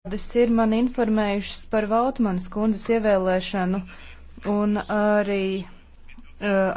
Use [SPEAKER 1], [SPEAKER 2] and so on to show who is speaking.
[SPEAKER 1] Iestādes ir man informējušas par Vautmanas kundzes ievēlēšanu un arī uh,